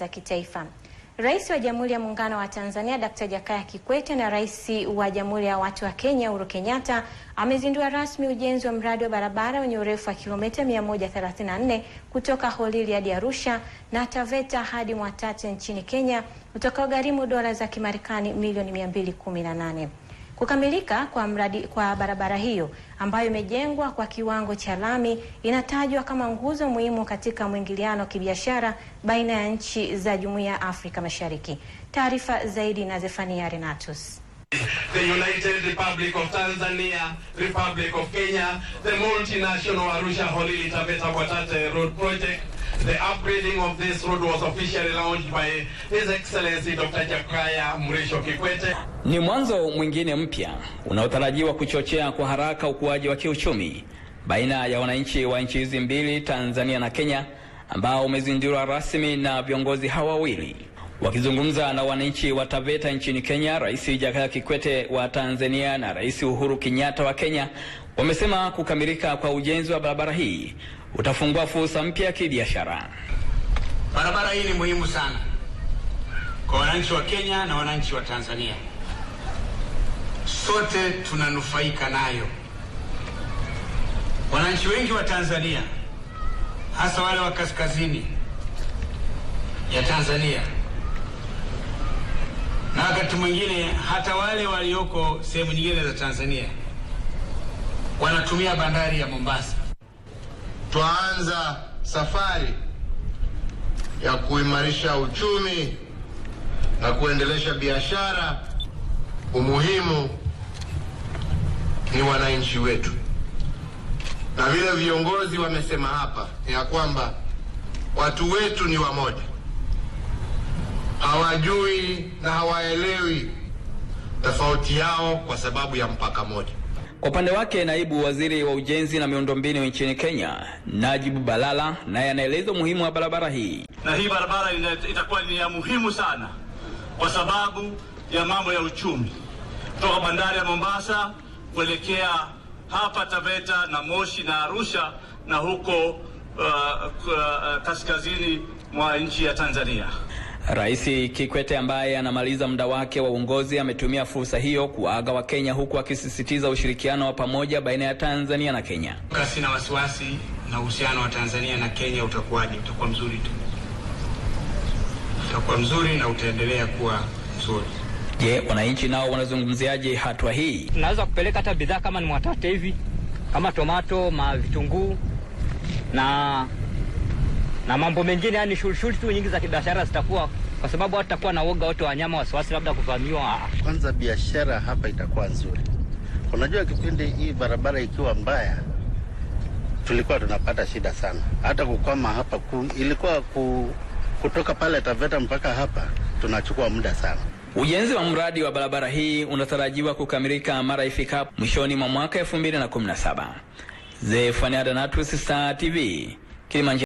za kitaifa. Rais wa Jamhuri ya Muungano wa Tanzania Dkt. Jakaya Kikwete na Rais wa Jamhuri ya Watu wa Kenya Uhuru Kenyatta amezindua rasmi ujenzi wa mradi wa barabara wenye urefu wa kilomita 134 kutoka Holili hadi Arusha na Taveta hadi Mwatate nchini Kenya utakaogharimu dola za Kimarekani milioni 218. Kukamilika kwa mradi kwa barabara hiyo ambayo imejengwa kwa kiwango cha lami inatajwa kama nguzo muhimu katika mwingiliano wa kibiashara baina ya nchi za Jumuiya ya Afrika Mashariki. Taarifa zaidi na Zefania Renatus. The United Republic of Tanzania, Republic of Kenya, the multinational Arusha Holili Tabeta Kwatate Road Project The upgrading of this road was officially launched by His Excellency Dr. Jakaya Mrisho Kikwete. Ni mwanzo mwingine mpya unaotarajiwa kuchochea kwa haraka ukuaji wa kiuchumi baina ya wananchi wa nchi hizi mbili, Tanzania na Kenya, ambao umezinduliwa rasmi na viongozi hawa wawili. Wakizungumza na wananchi wa Taveta nchini Kenya, Rais Jakaya Kikwete wa Tanzania na Rais Uhuru Kenyatta wa Kenya wamesema kukamilika kwa ujenzi wa barabara hii utafungua fursa mpya ya kibiashara. Barabara hii ni muhimu sana kwa wananchi wa Kenya na wananchi wa Tanzania, sote tunanufaika nayo. Wananchi wengi wa Tanzania, hasa wale wa kaskazini ya Tanzania na wakati mwingine hata wale walioko sehemu nyingine za Tanzania wanatumia bandari ya Mombasa twaanza safari ya kuimarisha uchumi na kuendelesha biashara. Umuhimu ni wananchi wetu, na vile viongozi wamesema hapa ya kwamba watu wetu ni wamoja, hawajui na hawaelewi tofauti yao kwa sababu ya mpaka moja. Kwa upande wake naibu waziri wa ujenzi na miundombinu nchini Kenya, Najib Balala, naye anaeleza umuhimu wa barabara hii. Na hii barabara itakuwa ni ya muhimu sana kwa sababu ya mambo ya uchumi kutoka bandari ya Mombasa kuelekea hapa Taveta na Moshi na Arusha na huko uh, uh, kaskazini mwa nchi ya Tanzania. Rais Kikwete ambaye anamaliza muda wake wa uongozi ametumia fursa hiyo kuwaaga kenya huku akisisitiza ushirikiano wa pamoja baina ya Tanzania na Kenya. na wasiwasi na uhusiano wa Tanzania na Kenya utakuwaje, utakuwa mzuri tu, utakuwa mzuri na utaendelea kuwa mzuri. Je, wananchi nao wanazungumziaje hatua hii? Tunaweza kupeleka hata bidhaa kama ni mwatate hivi kama tomato ma vitunguu na na mambo mengine, yani shughuli tu nyingi za kibiashara zitakuwa, kwa sababu watu takuwa na uoga wote, wanyama wasiwasi, labda kuvamiwa. Kwanza biashara hapa itakuwa nzuri. Unajua, kipindi hii barabara ikiwa mbaya tulikuwa tunapata shida sana, hata kukwama hapa ku, ilikuwa ku, kutoka pale Taveta mpaka hapa tunachukua muda sana. Ujenzi wa mradi wa barabara hii unatarajiwa kukamilika mara ifikapo mwishoni mwa mwaka 2017. Zefania Donatus, Star TV, Kilimanjaro.